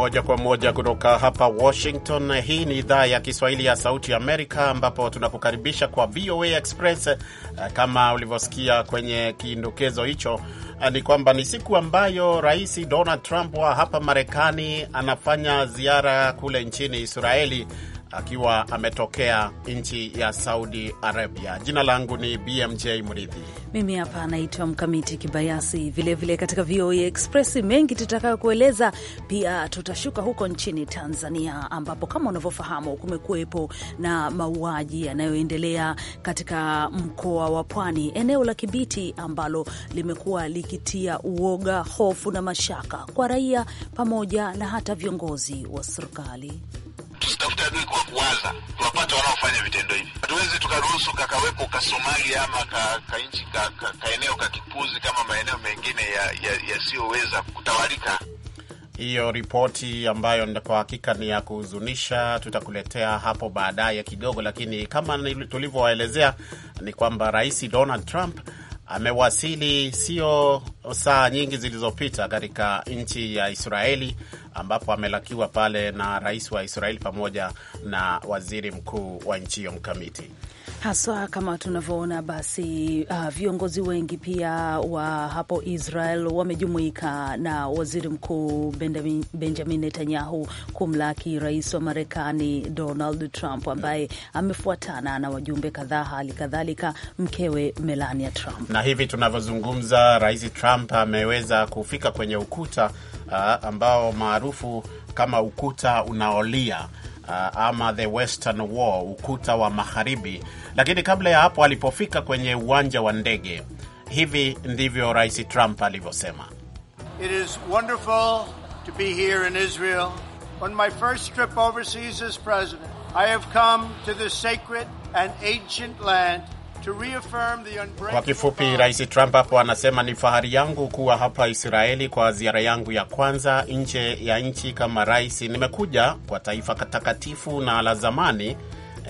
moja kwa moja kutoka hapa Washington. Hii ni idhaa ya Kiswahili ya Sauti Amerika, ambapo tunakukaribisha kwa VOA Express. Eh, kama ulivyosikia kwenye kiindokezo hicho, eh, ni kwamba ni siku ambayo Rais Donald Trump wa hapa Marekani anafanya ziara kule nchini Israeli akiwa ametokea nchi ya Saudi Arabia. Jina langu ni BMJ Mridhi, mimi hapa anaitwa Mkamiti Kibayasi. Vilevile vile katika VOA e Express mengi tutakayokueleza kueleza, pia tutashuka huko nchini Tanzania ambapo kama unavyofahamu kumekuwepo na mauaji yanayoendelea katika mkoa wa Pwani, eneo la Kibiti ambalo limekuwa likitia uoga, hofu na mashaka kwa raia pamoja na hata viongozi wa serikali tunapata adui kwa kuwaza, tunapata wanaofanya vitendo hivi. Hatuwezi tukaruhusu kakawepo ka Somalia ama ka, ka nchi ka, ka, kaeneo ka kipuzi kama maeneo mengine yasiyoweza ya, ya kutawalika. Hiyo ripoti ambayo kwa hakika ni ya kuhuzunisha, tutakuletea hapo baadaye kidogo, lakini kama tulivyowaelezea ni kwamba Rais Donald Trump amewasili sio saa nyingi zilizopita katika nchi ya Israeli ambapo amelakiwa pale na rais wa Israeli pamoja na waziri mkuu wa nchi hiyo mkamiti haswa kama tunavyoona basi, uh, viongozi wengi pia wa hapo Israel wamejumuika na waziri mkuu Benjamin Netanyahu kumlaki rais wa Marekani Donald Trump ambaye amefuatana na wajumbe kadhaa, hali kadhalika mkewe Melania Trump. Na hivi tunavyozungumza, rais Trump ameweza kufika kwenye ukuta uh, ambao maarufu kama ukuta unaolia uh, ama the Western Wall, ukuta wa magharibi. Lakini kabla ya hapo, alipofika kwenye uwanja wa ndege, hivi ndivyo Rais Trump alivyosema: It is wonderful to be here in Israel. On my first trip overseas as president, I have come to this sacred and ancient land kwa kifupi, Rais Trump hapo anasema ni fahari yangu kuwa hapa Israeli kwa ziara yangu ya kwanza nje ya nchi kama rais. Nimekuja kwa taifa takatifu na la zamani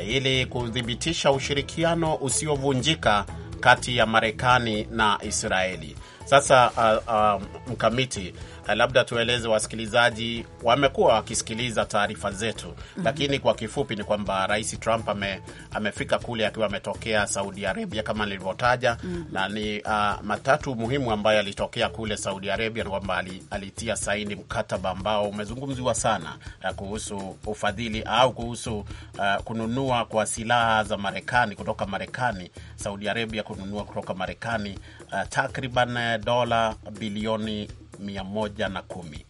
ili kuthibitisha ushirikiano usiovunjika kati ya Marekani na Israeli. Sasa uh, uh, mkamiti Eh, labda tueleze wasikilizaji, wamekuwa wakisikiliza taarifa zetu mm -hmm. Lakini kwa kifupi ni kwamba Rais Trump ame, amefika kule akiwa ametokea Saudi Arabia kama nilivyotaja mm -hmm. na ni uh, matatu muhimu ambayo alitokea kule Saudi Arabia ni kwamba alitia saini mkataba ambao umezungumziwa sana uh, kuhusu ufadhili au kuhusu uh, kununua kwa silaha za Marekani kutoka Marekani, Saudi Arabia kununua kutoka Marekani uh, takriban dola bilioni mia moja na kumi.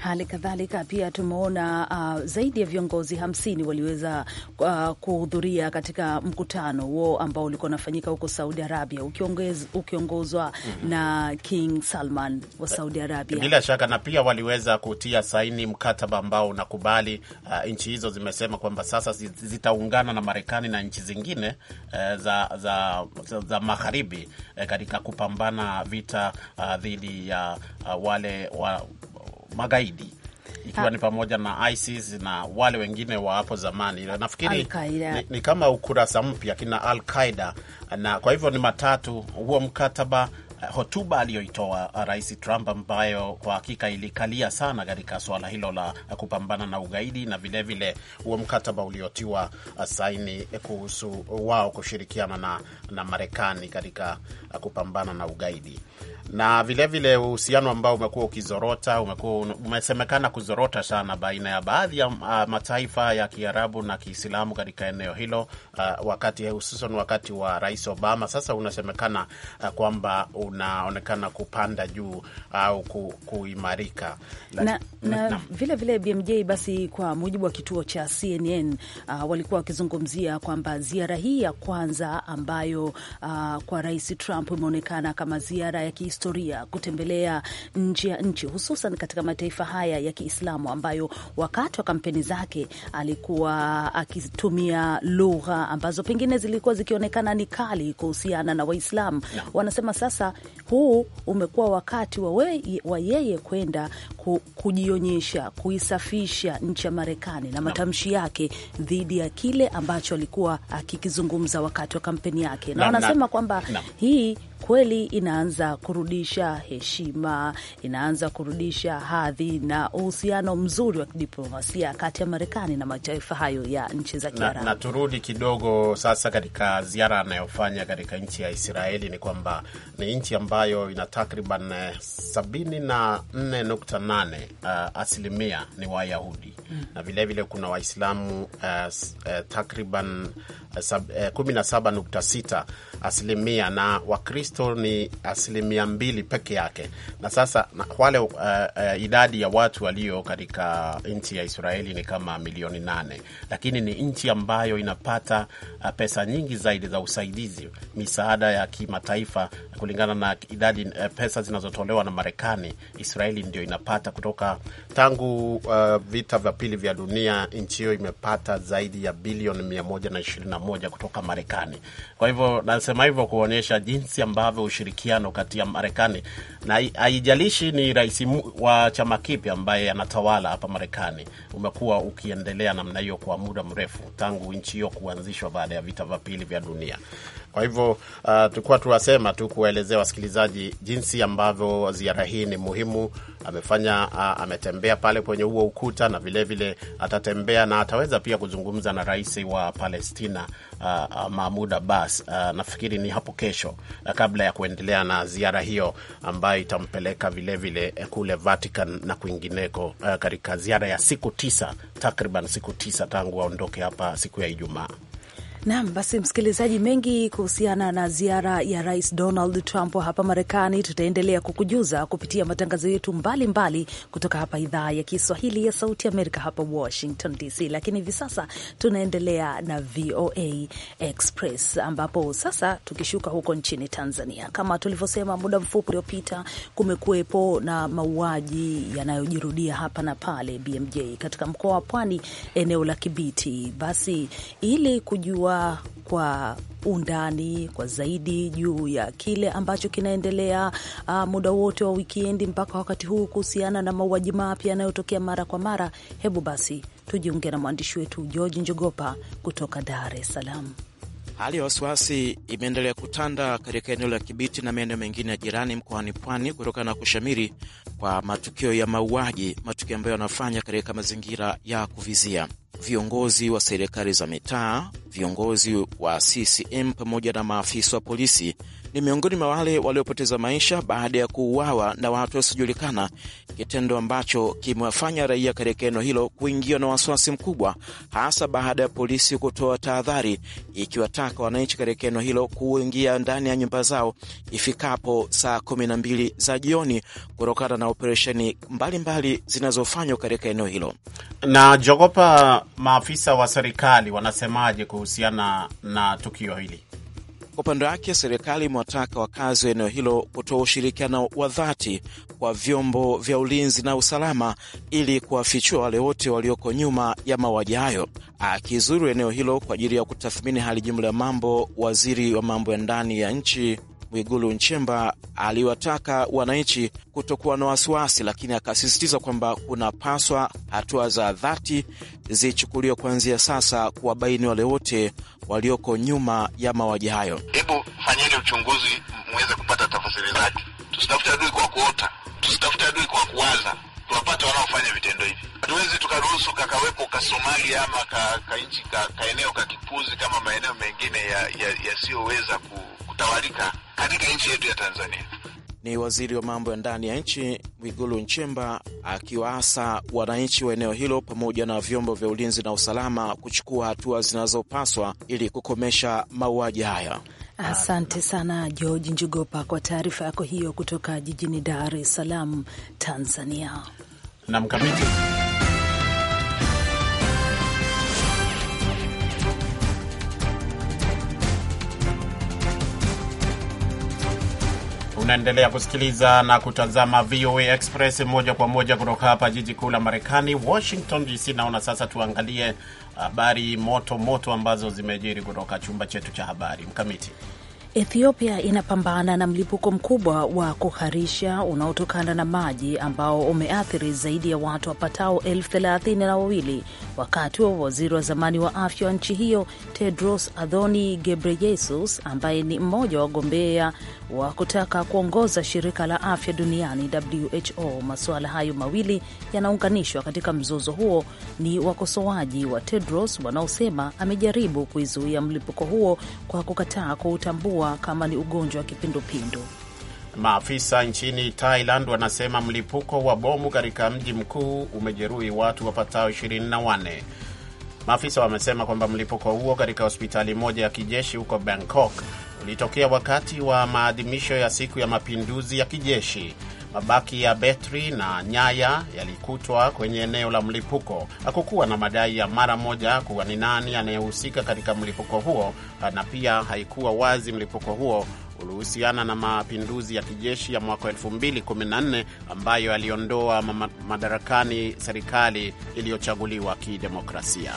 Hali kadhalika pia tumeona uh, zaidi ya viongozi hamsini waliweza uh, kuhudhuria katika mkutano huo ambao ulikuwa unafanyika huko Saudi Arabia ukiongozwa mm -hmm. na King Salman wa Saudi Arabia. Bila shaka na pia waliweza kutia saini mkataba ambao unakubali uh, nchi hizo zimesema kwamba sasa zitaungana na Marekani na nchi zingine uh, za, za, za, za magharibi uh, katika kupambana vita uh, dhidi ya uh, wale wa magaidi ikiwa ni ah. pamoja na ISIS na wale wengine wa hapo zamani. Nafikiri ni, ni kama ukurasa mpya kina Al Qaida, na kwa hivyo ni matatu huo mkataba hotuba aliyoitoa uh, Rais Trump ambayo kwa hakika ilikalia sana katika suala hilo la kupambana na ugaidi na vilevile huo mkataba uliotiwa uh, saini kuhusu wao kushirikiana na, na Marekani katika uh, kupambana na ugaidi na vilevile uhusiano ambao umekuwa ukizorota, umekuwa umesemekana kuzorota sana baina ya baadhi ya mataifa ya Kiarabu na Kiislamu katika eneo hilo, uh, wakati hususan wakati wa Rais Obama. Sasa unasemekana uh, kwamba unaonekana kupanda juu au ku, kuimarika na, na, na, na vile vile BMJ. Basi kwa mujibu wa kituo cha CNN uh, walikuwa wakizungumzia kwamba ziara hii ya kwanza ambayo uh, kwa Rais Trump imeonekana kama ziara ya kihistoria kutembelea nje ya nchi hususan katika mataifa haya ya Kiislamu ambayo wakati wa kampeni zake alikuwa akitumia lugha ambazo pengine zilikuwa zikionekana ni kali kuhusiana na Waislamu. Wanasema sasa huu umekuwa wakati wa, we, wa yeye kwenda ku, kujionyesha kuisafisha nchi ya Marekani na matamshi yake dhidi ya kile ambacho alikuwa akikizungumza wakati wa kampeni yake, na wanasema kwamba hii kweli inaanza kurudisha heshima, inaanza kurudisha hadhi na uhusiano mzuri wa kidiplomasia kati ya Marekani na mataifa hayo ya nchi za Kiarabu. Na, na turudi kidogo sasa katika ziara anayofanya katika nchi ya Israeli ni kwamba ni nchi ambayo ina takriban 74.8 uh, eh, eh, asilimia ni Wayahudi mm. na vilevile vile kuna Waislamu uh, uh, takriban uh, 17.6 asilimia na Wakristo Wakristo ni asilimia mbili peke yake, na sasa na wale uh, uh, idadi ya watu walio katika nchi ya Israeli ni kama milioni nane, lakini ni nchi ambayo inapata uh, pesa nyingi zaidi za usaidizi, misaada ya kimataifa kulingana na idadi uh, pesa zinazotolewa na Marekani. Israeli ndio inapata kutoka tangu uh, vita vya pili vya dunia, nchi hiyo imepata zaidi ya bilioni 121 kutoka Marekani. Kwa hivyo nasema hivyo kuonyesha jinsi ambavyo ambavyo ushirikiano kati ya Marekani na haijalishi ni rais wa chama kipi ambaye anatawala hapa Marekani umekuwa ukiendelea namna hiyo kwa muda mrefu tangu nchi hiyo kuanzishwa baada ya vita vya pili vya dunia. Kwa hivyo uh, tukuwa tuwasema tu kuwaelezea wasikilizaji jinsi ambavyo ziara hii ni muhimu. Amefanya uh, ametembea pale kwenye huo ukuta na vilevile vile atatembea na ataweza pia kuzungumza na rais wa Palestina uh, uh Mahmud Abbas uh, nafikiri ni hapo kesho uh, kabla ya kuendelea na ziara hiyo ambayo itampeleka vilevile vile kule Vatican na kwingineko uh, katika ziara ya siku tisa, takriban siku tisa tangu aondoke hapa siku ya Ijumaa. Nam, basi msikilizaji, mengi kuhusiana na ziara ya Rais Donald Trump hapa Marekani tutaendelea kukujuza kupitia matangazo yetu mbalimbali kutoka hapa idhaa ya Kiswahili ya Sauti Amerika hapa Washington DC, lakini hivi sasa tunaendelea na VOA Express ambapo sasa tukishuka huko nchini Tanzania, kama tulivyosema muda mfupi uliopita, kumekuwepo na mauaji yanayojirudia hapa na pale BMJ katika mkoa wa Pwani, eneo la Kibiti. Basi ili kujua kujua kwa undani kwa zaidi juu ya kile ambacho kinaendelea uh, muda wote wa wikiendi mpaka wakati huu kuhusiana na mauaji mapya yanayotokea mara kwa mara. Hebu basi tujiunge na mwandishi wetu George Njogopa kutoka Dar es Salaam. Hali ya wasiwasi imeendelea kutanda katika eneo la Kibiti na maeneo mengine ya jirani mkoani Pwani kutokana na kushamiri kwa matukio ya mauaji, matukio ambayo yanafanya katika mazingira ya kuvizia. Viongozi wa serikali za mitaa, viongozi wa CCM pamoja na maafisa wa polisi ni miongoni mwa wale waliopoteza maisha baada ya kuuawa na watu wasiojulikana, kitendo ambacho kimewafanya raia katika eneo hilo kuingiwa na wasiwasi mkubwa, hasa baada ya polisi kutoa tahadhari ikiwataka wananchi katika eneo hilo kuingia ndani ya nyumba zao ifikapo saa kumi na mbili za jioni kutokana na operesheni mbalimbali zinazofanywa katika eneo hilo. Na jogopa, maafisa wa serikali wanasemaje kuhusiana na tukio hili? Kwa upande wake, serikali imewataka wakazi wa eneo hilo kutoa ushirikiano wa dhati kwa vyombo vya ulinzi na usalama ili kuwafichua wale wote walioko nyuma ya mauaji hayo. Akizuru eneo hilo kwa ajili ya kutathmini hali jumla ya mambo, waziri wa mambo ya ndani ya nchi Mwigulu Nchemba aliwataka wananchi kutokuwa na wasiwasi, lakini akasisitiza kwamba kunapaswa hatua za dhati zichukuliwe kuanzia sasa kuwabaini wale wote walioko nyuma ya mauaji hayo. Hebu fanyeni uchunguzi muweze kupata tafasiri zake. Tusitafute adui kwa kuota, tusitafute adui kwa kuwaza, tuwapate wanaofanya vitendo hivi. Hatuwezi tukaruhusu kakawepo ka Somalia ama ka, ka nchi ka, ka eneo ka kipuzi kama maeneo mengine yasiyoweza ya, ya ku kutawalika katika nchi yetu ya Tanzania. Ni waziri wa mambo ya ndani ya nchi Mwigulu Nchemba akiwaasa wananchi wa eneo hilo pamoja na vyombo vya ulinzi na usalama kuchukua hatua zinazopaswa ili kukomesha mauaji haya. Asante sana George Njugopa kwa taarifa yako hiyo kutoka jijini Dar es Salaam, Tanzania. na Unaendelea kusikiliza na kutazama VOA Express moja kwa moja kutoka hapa jiji kuu la Marekani, Washington DC. Naona sasa tuangalie habari moto moto ambazo zimejiri kutoka chumba chetu cha habari. Mkamiti Ethiopia inapambana na mlipuko mkubwa wa kuharisha unaotokana na maji ambao umeathiri zaidi ya watu wapatao elfu thelathini na wawili. Wakati wa waziri wa zamani wa afya wa nchi hiyo Tedros Adhoni Gebreyesus, ambaye ni mmoja wa wagombea wa kutaka kuongoza shirika la afya duniani WHO. Masuala hayo mawili yanaunganishwa katika mzozo huo. Ni wakosoaji wa Tedros wanaosema amejaribu kuizuia mlipuko huo kwa kukataa kuutambua kutambua kama ni ugonjwa wa kipindupindu. Maafisa nchini Thailand wanasema mlipuko wa bomu katika mji mkuu umejeruhi watu wapatao 24. Maafisa wamesema kwamba mlipuko huo katika hospitali moja ya kijeshi huko Bangkok ulitokea wakati wa maadhimisho ya siku ya mapinduzi ya kijeshi. Mabaki ya betri na nyaya yalikutwa kwenye eneo la mlipuko. Hakukuwa na madai ya mara moja kuwa ni nani anayehusika katika mlipuko huo, na pia haikuwa wazi mlipuko huo ulihusiana na mapinduzi ya kijeshi ya mwaka 2014 ambayo yaliondoa madarakani serikali iliyochaguliwa kidemokrasia.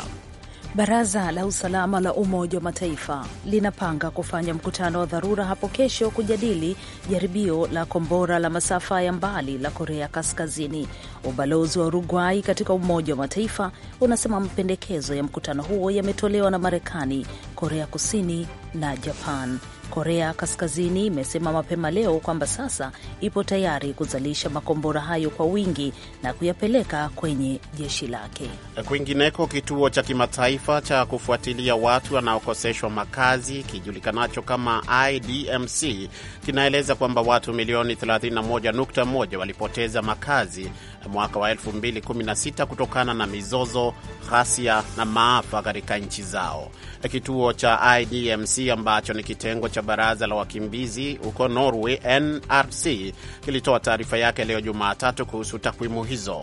Baraza la usalama la Umoja wa Mataifa linapanga kufanya mkutano wa dharura hapo kesho kujadili jaribio la kombora la masafa ya mbali la Korea Kaskazini. Ubalozi wa Uruguay katika Umoja wa Mataifa unasema mapendekezo ya mkutano huo yametolewa na Marekani, Korea Kusini na Japan. Korea Kaskazini imesema mapema leo kwamba sasa ipo tayari kuzalisha makombora hayo kwa wingi na kuyapeleka kwenye jeshi lake. Kwingineko, kituo cha kimataifa cha kufuatilia watu wanaokoseshwa makazi kijulikanacho kama IDMC kinaeleza kwamba watu milioni 31.1 walipoteza makazi mwaka wa 2016 kutokana na mizozo, ghasia na maafa katika nchi zao. Kituo cha IDMC ambacho ni kitengo cha baraza la wakimbizi huko Norway, NRC, kilitoa taarifa yake leo Jumatatu kuhusu takwimu hizo.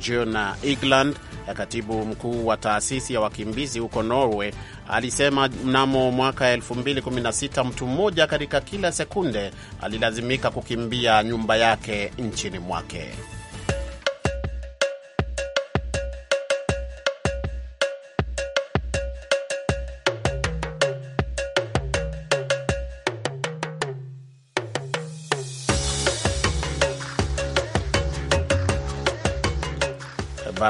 June ya katibu mkuu wa taasisi ya wakimbizi huko Norway, alisema mnamo mwaka 2016 mtu mmoja katika kila sekunde alilazimika kukimbia nyumba yake nchini mwake.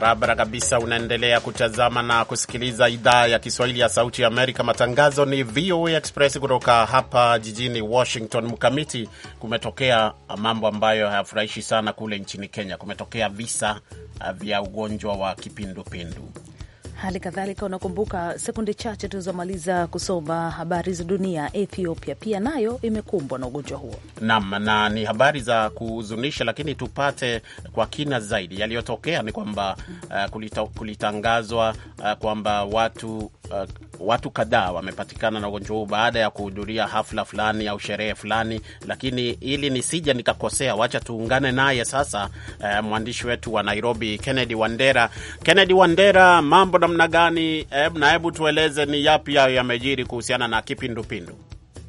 Barabara kabisa. Unaendelea kutazama na kusikiliza idhaa ya Kiswahili ya Sauti ya Amerika. Matangazo ni VOA Express kutoka hapa jijini Washington. Mkamiti, kumetokea mambo ambayo hayafurahishi sana kule nchini Kenya. Kumetokea visa uh, vya ugonjwa wa kipindupindu hali kadhalika, unakumbuka sekunde chache tulizomaliza kusoma habari za dunia, Ethiopia pia nayo imekumbwa na ugonjwa huo. Naam, na ni habari za kuhuzunisha, lakini tupate kwa kina zaidi. Yaliyotokea ni kwamba uh, kulita, kulitangazwa uh, kwamba watu Uh, watu kadhaa wamepatikana na ugonjwa huu baada ya kuhudhuria hafla fulani au sherehe fulani, lakini ili nisija nikakosea, wacha tuungane naye sasa, uh, mwandishi wetu wa Nairobi Kennedy Wandera. Kennedy Wandera, mambo namna namna gani? Na hebu tueleze ni yapi hayo yamejiri kuhusiana na kipindupindu.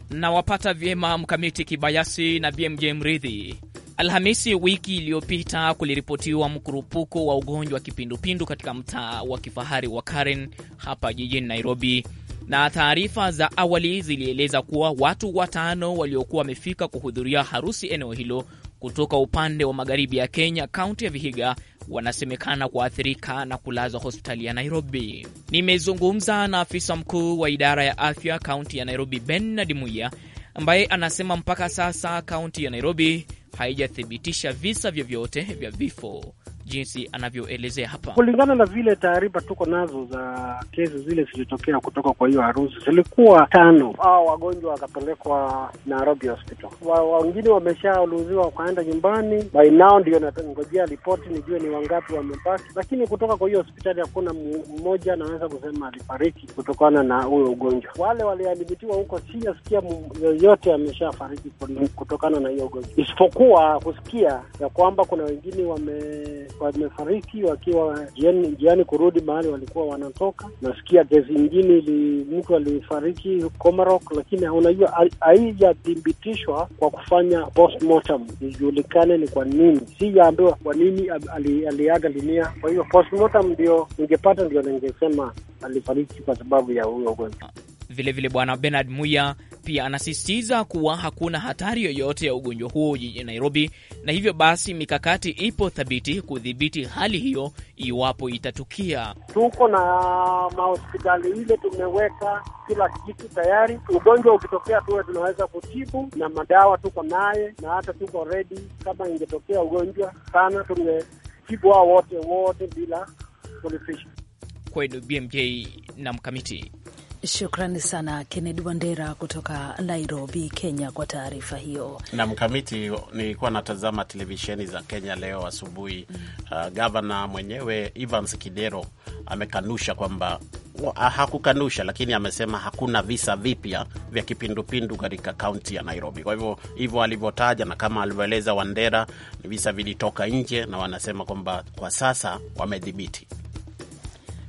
Nawapata vyema Mkamiti Kibayasi na BMJ Mridhi. Alhamisi wiki iliyopita kuliripotiwa mkurupuko wa ugonjwa wa kipindupindu katika mtaa wa kifahari wa Karen hapa jijini Nairobi, na taarifa za awali zilieleza kuwa watu watano waliokuwa wamefika kuhudhuria harusi eneo hilo kutoka upande wa magharibi ya Kenya, kaunti ya Vihiga, wanasemekana kuathirika na kulazwa hospitali ya Nairobi. Nimezungumza na afisa mkuu wa idara ya afya kaunti ya Nairobi, Bernard Muya, ambaye anasema mpaka sasa kaunti ya Nairobi haijathibitisha visa vyovyote vya vifo jinsi anavyoelezea hapa. Kulingana na vile taarifa tuko nazo za kesi zile zilitokea kutoka kwa hiyo harusi zilikuwa tano, au wagonjwa wakapelekwa Nairobi hospital, wengine wameshaluziwa wakaenda nyumbani. By now ndio nangojea ripoti nijue ni wangapi wamebaki, lakini kutoka kwa hiyo hospitali hakuna mmoja anaweza kusema alifariki kutokana na huyo ugonjwa. Wale waliadhibitiwa huko, sijasikia yoyote ameshafariki kutokana na hiyo ugonjwa, isipokuwa kusikia ya kwamba kuna wengine wame wamefariki wakiwa njiani kurudi mahali walikuwa wanatoka. Nasikia kesi ingine ili mtu alifariki Komarok, lakini unajua haijathibitishwa kwa kufanya postmortem ijulikane ni kwa nini, sijaambiwa kwa nini aliaga dunia. Kwa hiyo postmortem ndio ningepata, ndio ningesema alifariki kwa sababu ya huyo ugonjwa. Vilevile Bwana Bernard Muya pia anasisitiza kuwa hakuna hatari yoyote ya ugonjwa huo jijini Nairobi, na hivyo basi mikakati ipo thabiti kudhibiti hali hiyo iwapo itatukia. Tuko na mahospitali ile, tumeweka kila kitu tayari. Ugonjwa ukitokea, tuwe tunaweza kutibu na madawa tuko naye, na hata tuko redi. Kama ingetokea ugonjwa sana, tungetibu hao wote wote bila kulipisha. Kwenu BMJ na Mkamiti. Shukrani sana Kennedy Wandera kutoka Nairobi, Kenya, kwa taarifa hiyo. Na mkamiti, nilikuwa natazama televisheni za Kenya leo asubuhi. mm. Uh, gavana mwenyewe Evans Kidero amekanusha kwamba ah, hakukanusha lakini amesema hakuna visa vipya vya kipindupindu katika kaunti ya Nairobi. Kwa hivyo hivyo alivyotaja na kama alivyoeleza Wandera, ni visa vilitoka nje na wanasema kwamba kwa sasa wamedhibiti.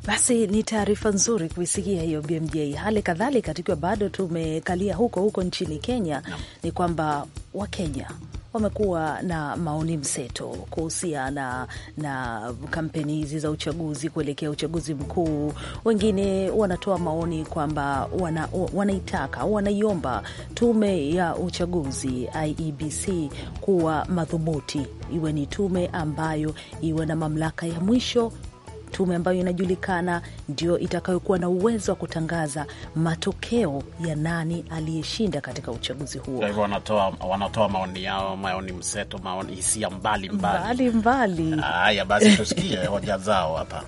Basi ni taarifa nzuri kuisikia hiyo BMJ. Hali kadhalika tukiwa bado tumekalia huko huko nchini Kenya no. ni kwamba Wakenya wamekuwa na maoni mseto kuhusiana na kampeni hizi za uchaguzi kuelekea uchaguzi mkuu. Wengine wanatoa maoni kwamba wana, wanaitaka au wanaiomba tume ya uchaguzi IEBC kuwa madhubuti, iwe ni tume ambayo iwe na mamlaka ya mwisho tume ambayo inajulikana ndio itakayokuwa na uwezo wa kutangaza matokeo ya nani aliyeshinda katika uchaguzi huo. Kwa hivyo wanatoa, wanatoa maoni yao, maoni mseto, maoni hisia mbalimbali mbali. Haya basi, tusikie hoja zao hapa.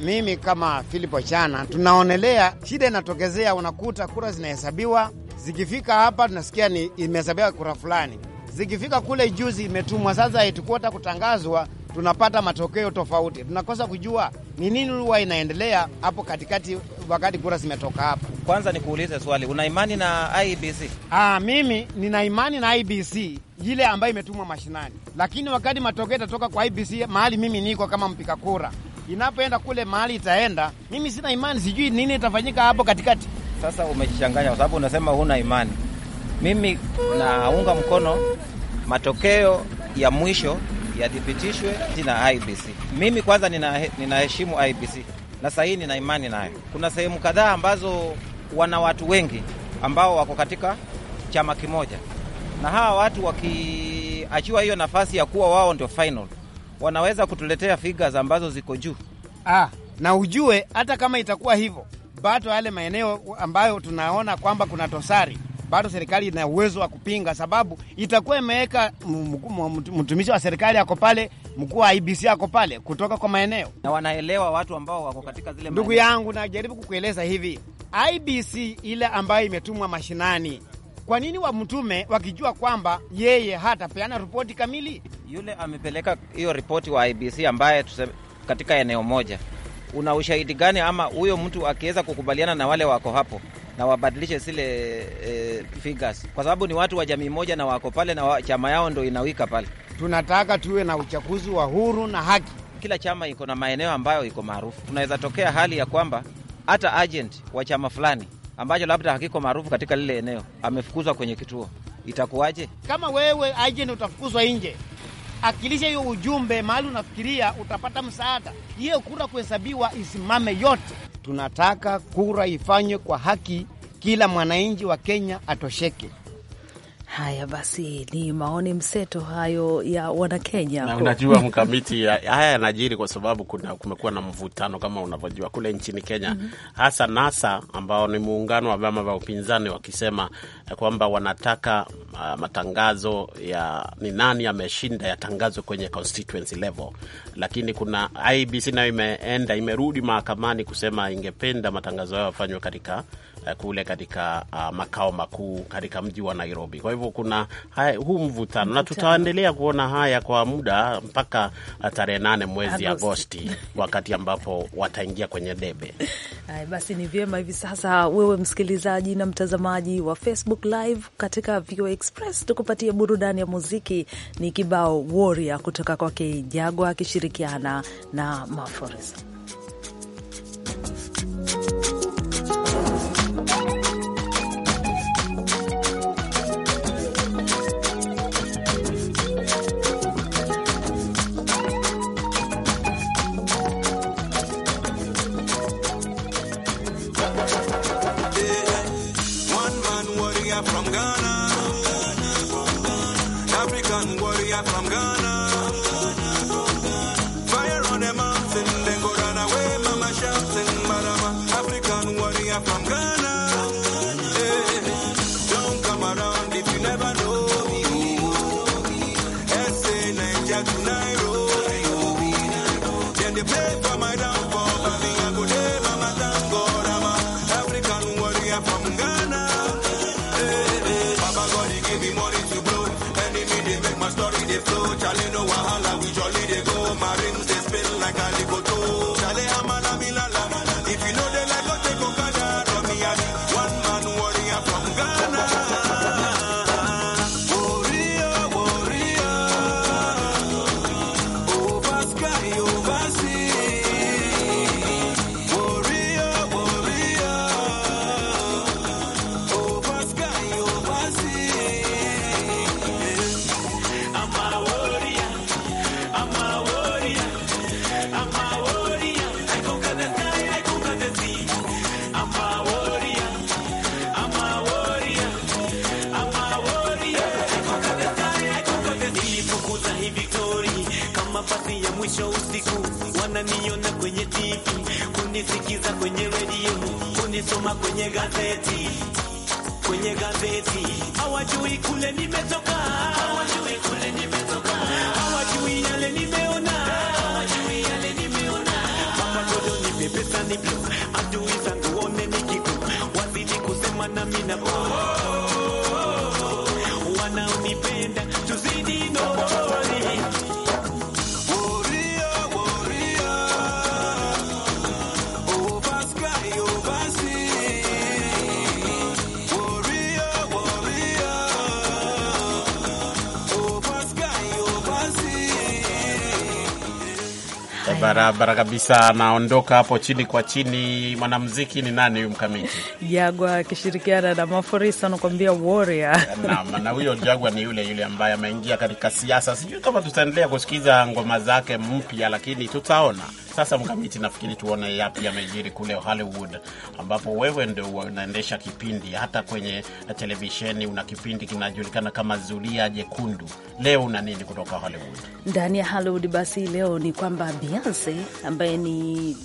Mimi kama Filipo Chana, tunaonelea shida inatokezea, unakuta kura zinahesabiwa, zikifika hapa tunasikia ni imehesabiwa kura fulani, zikifika kule juzi imetumwa, sasa itakuwa hata kutangazwa tunapata matokeo tofauti. Tunakosa kujua ni nini huwa inaendelea hapo katikati wakati kura zimetoka hapa. Kwanza nikuulize swali, una imani na IBC? Ah, mimi nina imani na IBC ile ambayo imetumwa mashinani, lakini wakati matokeo itatoka kwa IBC mahali mimi niko kama mpika kura, inapoenda kule mahali itaenda, mimi sina imani, sijui nini itafanyika hapo katikati. Sasa umejichanganya, kwa sababu unasema huna imani. Mimi naunga mkono matokeo ya mwisho yadhibitishwe na IBC. Mimi kwanza ninaheshimu nina IBC na sahii nina imani nayo. Kuna sehemu kadhaa ambazo wana watu wengi ambao wako katika chama kimoja, na hawa watu wakiachiwa hiyo nafasi ya kuwa wao ndio final, wanaweza kutuletea figures ambazo ziko juu. Ah, na ujue hata kama itakuwa hivyo bado yale maeneo ambayo tunaona kwamba kuna dosari bado serikali ina uwezo wa kupinga, sababu itakuwa imeweka mtumishi wa serikali ako pale, mkuu wa IBC ako pale, kutoka kwa maeneo na wanaelewa watu ambao wako katika zile. Ndugu yangu, najaribu kukueleza hivi, IBC ile ambayo imetumwa mashinani kwa nini wamtume wakijua kwamba yeye hatapeana ripoti kamili? Yule amepeleka hiyo ripoti wa IBC ambaye tuseme katika eneo moja, una ushahidi gani? Ama huyo mtu akiweza kukubaliana na wale wako hapo, na wabadilishe zile e, figures kwa sababu ni watu wa jamii moja na wako pale na chama yao ndo inawika pale. Tunataka tuwe na uchaguzi wa huru na haki. Kila chama iko na maeneo ambayo iko maarufu. Tunaweza tokea hali ya kwamba hata agent wa chama fulani ambacho labda hakiko maarufu katika lile eneo amefukuzwa kwenye kituo, itakuwaje? Kama wewe agent utafukuzwa nje, akilisha hiyo ujumbe mahali unafikiria utapata msaada, hiyo kura kuhesabiwa isimame yote tunataka kura ifanywe kwa haki, kila mwananchi wa Kenya atosheke. Haya basi, ni maoni mseto hayo ya Wanakenya. Na unajua mkamiti, haya yanajiri kwa sababu kuna kumekuwa na mvutano kama unavyojua kule nchini Kenya, mm -hmm. hasa NASA ambao ni muungano wa vyama vya upinzani wakisema kwamba wanataka uh, matangazo ya ni nani ameshinda ya yatangazwe kwenye constituency level, lakini kuna IBC nayo imeenda imerudi mahakamani kusema ingependa matangazo hayo yafanywe katika uh, kule katika uh, makao makuu katika mji wa Nairobi. Kwa hivyo kuna huu mvutano na tutaendelea kuona haya kwa muda mpaka uh, tarehe nane mwezi Agosti wakati ambapo wataingia kwenye debe. Ay, basi ni vyema hivi sasa wewe msikilizaji na mtazamaji wa Facebook Facebook Live katika VOA Express tukupatia burudani ya muziki. Ni kibao Warrior kutoka kwake Jagwa akishirikiana na Maforesa. and the blue. barabara kabisa. Anaondoka hapo chini kwa chini. mwanamziki ni nani huyu mkamiti? Jagwa akishirikiana na Maforisa anakuambia warrior. Naam, na huyo Jagwa ni yule yule ambaye ameingia katika siasa. Sijui kama tutaendelea kusikiza ngoma zake mpya, lakini tutaona. Sasa Mkamiti, nafikiri tuone yapi yamejiri kule Hollywood, ambapo wewe ndo unaendesha kipindi. Hata kwenye televisheni una kipindi kinajulikana kama Zulia Jekundu. Leo una nini kutoka Hollywood? Ndani ya Hollywood basi leo ni kwamba Beyonce Mase ambaye ni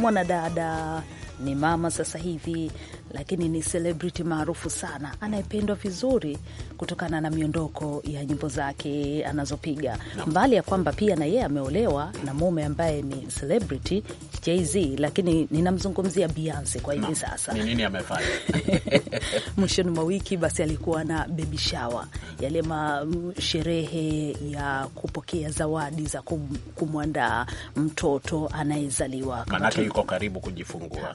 mwanadada, ni mama sasa hivi lakini ni celebrity maarufu sana anayependwa vizuri kutokana na miondoko ya nyimbo zake anazopiga, mbali ya kwamba pia na yeye ameolewa na mume ambaye ni celebrity Jay-Z, lakini ninamzungumzia Beyonce kwa hivi sasa. Ni nini amefanya? Mwishoni mwa wiki basi alikuwa na baby shower, yale sherehe ya kupokea zawadi za kum, kumwandaa mtoto anayezaliwa, manake yuko karibu kujifungua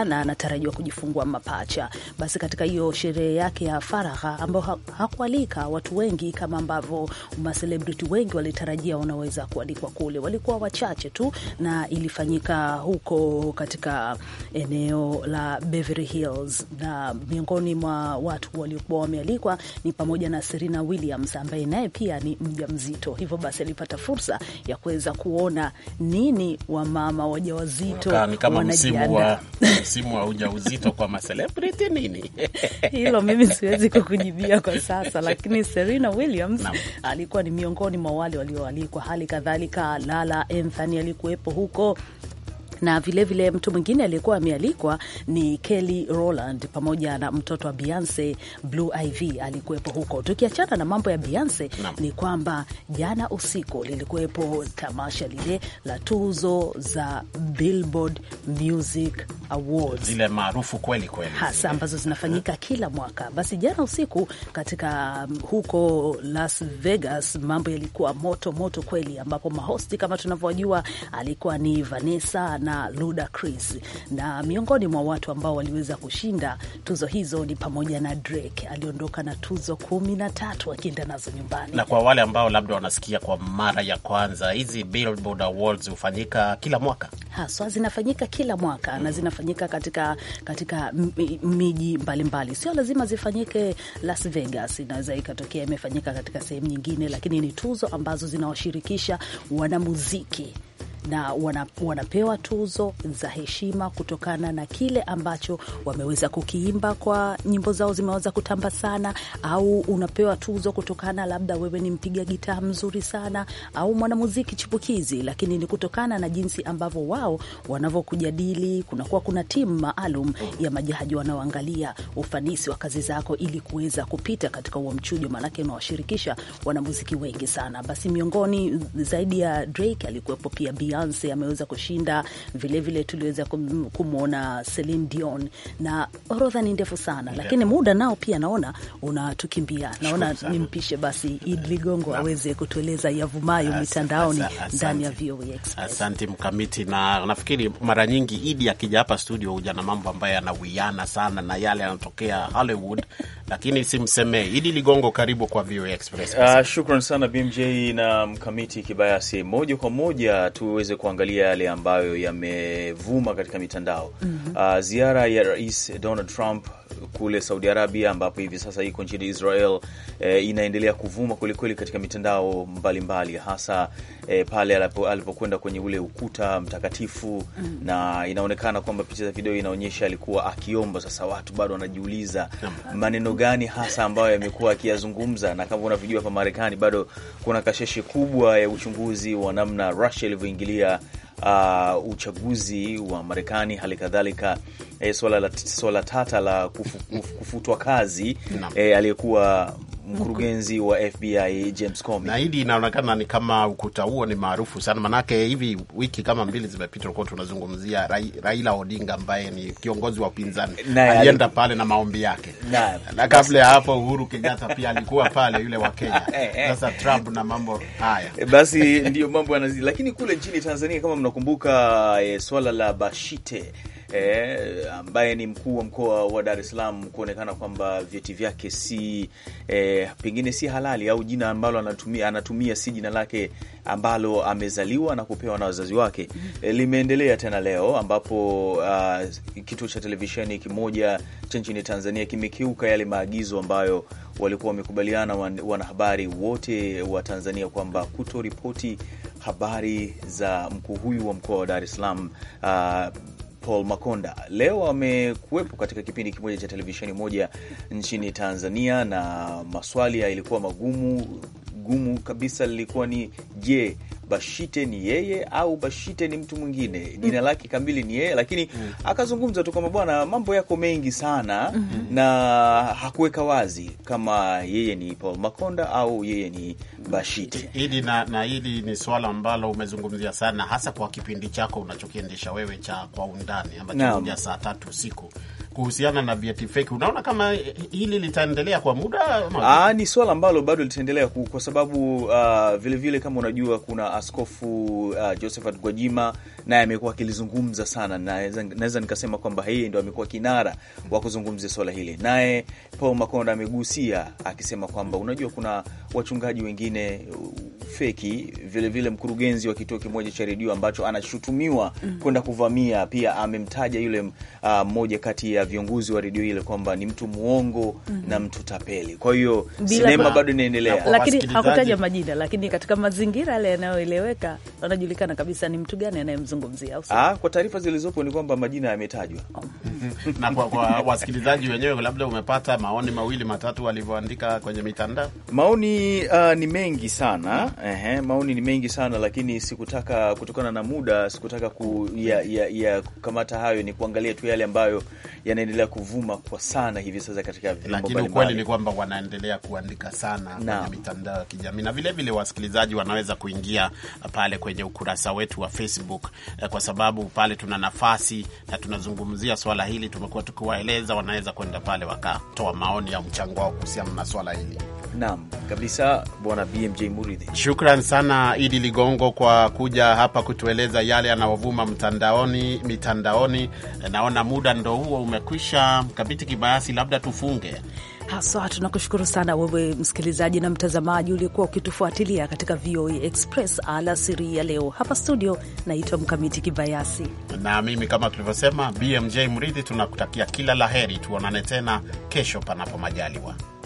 anatarajiwa kujifungua mapacha. Basi katika hiyo sherehe yake ya faragha ambayo hakualika watu wengi kama ambavyo maselebriti wengi walitarajia wanaweza kualikwa kule, walikuwa wachache tu, na ilifanyika huko katika eneo la Beverly Hills, na miongoni mwa watu waliokuwa wamealikwa ni pamoja na Serena Williams ambaye naye pia ni mja mzito, hivyo basi alipata fursa ya kuweza kuona nini wamama wajawazito wanajiandaa. Msimu wa ujauzito kwa celebrity nini? Hilo mimi siwezi kukujibia kwa sasa, lakini Serena Williams no. alikuwa ni miongoni mwa wale walioalikwa, hali kadhalika Lala Anthony alikuwepo huko na vilevile vile mtu mwingine aliyekuwa amealikwa ni Kelly Rowland pamoja na mtoto wa Beyonce Blue Ivy alikuwepo huko. Tukiachana na mambo ya Beyonce, ni kwamba jana usiku lilikuwepo tamasha lile la tuzo za Billboard Music Awards zile maarufu kweli kweli, hasa ambazo zinafanyika eh. kila mwaka. Basi jana usiku katika um, huko Las Vegas mambo yalikuwa moto moto kweli, ambapo mahosti kama tunavyojua alikuwa ni Vanessa na na Ludacris, na miongoni mwa watu ambao waliweza kushinda tuzo hizo ni pamoja na Drake, aliondoka na tuzo kumi na tatu akienda nazo nyumbani. Na kwa wale ambao labda wanasikia kwa mara ya kwanza, hizi Billboard Awards hufanyika kila mwaka haswa, so zinafanyika kila mwaka mm, na zinafanyika katika, katika miji mbalimbali, sio lazima zifanyike Las Vegas, inaweza ikatokea imefanyika katika sehemu nyingine, lakini ni tuzo ambazo zinawashirikisha wanamuziki na wanapewa tuzo za heshima kutokana na kile ambacho wameweza kukiimba, kwa nyimbo zao zimeweza kutamba sana, au unapewa tuzo kutokana labda wewe ni mpiga gitaa mzuri sana au mwanamuziki chipukizi, lakini ni kutokana na jinsi ambavyo wao wanavyokujadili. Kunakuwa kuna timu maalum ya majaji wanaoangalia ufanisi wa kazi zako ili kuweza kupita katika huo mchujo, maanake unawashirikisha wanamuziki wengi sana. Basi miongoni zaidi ya Drake alikuwepo pia Bieber. Beyonce ameweza kushinda, vilevile tuliweza kumwona Celine Dion na orodha ni ndefu sana yeah. Lakini muda nao pia naona unatukimbia, naona nimpishe basi Id Ligongo aweze kutueleza yavumayo mitandaoni ndani ya VOA e Express. Asante Mkamiti, na nafikiri mara nyingi Idi akija hapa studio huja na mambo ambayo yanawiana sana na yale yanatokea Hollywood lakini simsemee Idi Ligongo, karibu kwa VOA e Express. Uh, shukran sana BMJ na Mkamiti Kibayasi, moja kwa moja tu tuweze kuangalia yale ambayo yamevuma katika mitandao mm -hmm. Uh, ziara ya Rais Donald Trump kule Saudi Arabia, ambapo hivi sasa iko nchini Israel e, inaendelea kuvuma kwelikweli katika mitandao mbalimbali mbali, hasa e, pale alipokwenda kwenye ule ukuta mtakatifu mm -hmm. na inaonekana kwamba picha za video inaonyesha alikuwa akiomba. Sasa watu bado wanajiuliza mm maneno gani hasa ambayo yamekuwa akiyazungumza, na kama unavyojua hapa Marekani bado kuna kasheshe kubwa ya uchunguzi wa namna Russia ilivyoingilia uh, uchaguzi wa Marekani, hali kadhalika eh, swala tata la kufu, kufutwa kazi eh, aliyekuwa mkurugenzi wa FBI James Comey. Na hili inaonekana ni kama ukuta huo ni maarufu sana, manake hivi wiki kama mbili zimepita, tulikuwa tunazungumzia Raila Odinga ambaye ni kiongozi wa upinzani alienda pale na maombi yake, na kabla ya hapo Uhuru Kenyatta pia alikuwa pale, yule wa Kenya. Eh, eh. Sasa Trump na mambo haya eh, basi ndiyo mambo yanazidi, lakini kule nchini Tanzania kama mnakumbuka, e, swala la Bashite eh, ambaye ni mkuu wa mkoa wa Dar es Salaam kuonekana kwamba vyeti vyake si eh, pengine si halali au jina ambalo anatumia, anatumia si jina lake ambalo amezaliwa na kupewa na wazazi wake eh, limeendelea tena leo ambapo uh, kituo cha televisheni kimoja cha nchini Tanzania kimekiuka yale maagizo ambayo walikuwa wamekubaliana wanahabari wote wa Tanzania kwamba kutoripoti habari za mkuu huyu wa mkoa wa Dar es Salaam uh, Paul Makonda leo amekuwepo katika kipindi kimoja cha televisheni moja nchini Tanzania, na maswali yalikuwa magumu gumu kabisa, lilikuwa ni je, Bashite ni yeye au Bashite ni mtu mwingine, mm. jina lake kamili ni yeye, lakini mm. akazungumza tu kwamba bwana, mambo yako mengi sana mm -hmm. na hakuweka wazi kama yeye ni Paul Makonda au yeye ni Bashite. Hili na, na hili ni swala ambalo umezungumzia sana, hasa kwa kipindi chako unachokiendesha wewe cha Kwa Undani ambacho kuja saa tatu usiku kuhusiana na vyeti feki. Unaona kama hili litaendelea kwa muda? Aa, ah, ni swala ambalo bado litaendelea kwa sababu vilevile ah, uh, vile kama unajua kuna askofu uh, ah, Josephat Gwajima naye amekuwa akilizungumza sana, naweza nikasema kwamba yeye ndo amekuwa kinara wa kuzungumzia swala hili, naye Paul Makonda amegusia akisema kwamba unajua kuna wachungaji wengine feki. Vilevile mkurugenzi wa kituo kimoja cha redio ambacho anashutumiwa mm -hmm. kwenda kuvamia pia amemtaja yule uh, mmoja uh, kati ya viongozi wa redio ile kwamba ni mtu muongo mm -hmm. na mhm. mtu tapeli. Kwa hiyo sinema bado inaendelea, lakini hakutaja majina, lakini katika mazingira yale yanayoeleweka anajulikana kabisa ni mtu gani anayemzungumzia. Ah, kwa taarifa zilizopo ni kwamba majina yametajwa oh. na kwa, kwa wasikilizaji wenyewe, labda umepata maoni mawili matatu walivyoandika kwenye mitandao. Maoni uh, ni mengi sana Ehe, maoni ni mengi sana lakini sikutaka kutokana na muda sikutaka ya kukamata hayo, ni kuangalia tu yale ambayo yanaendelea kuvuma kwa sana hivi sasa katika vyombo mbalimbali, lakini ukweli ni kwamba wanaendelea kuandika sana kwenye mitandao ya kijamii, na vile vile wasikilizaji wanaweza kuingia pale kwenye ukurasa wetu wa Facebook, eh, kwa sababu pale tuna nafasi na tunazungumzia swala hili, tumekuwa tukiwaeleza, wanaweza kwenda pale wakatoa maoni ya mchango wao kuhusiana na swala hili. Naam kabisa, bwana BMJ Muridhi, shukran sana Idi Ligongo kwa kuja hapa kutueleza yale yanayovuma mtandaoni mitandaoni. Naona muda ndo huo umekwisha. Mkabiti Kibayasi, labda tufunge haswa. Tunakushukuru sana wewe msikilizaji na mtazamaji uliokuwa ukitufuatilia katika VOA e Express alasiri ya leo. Hapa studio naitwa Mkamiti Kibayasi na mimi kama tulivyosema BMJ mridhi tunakutakia kila la heri. Tuonane tena kesho panapo majaliwa.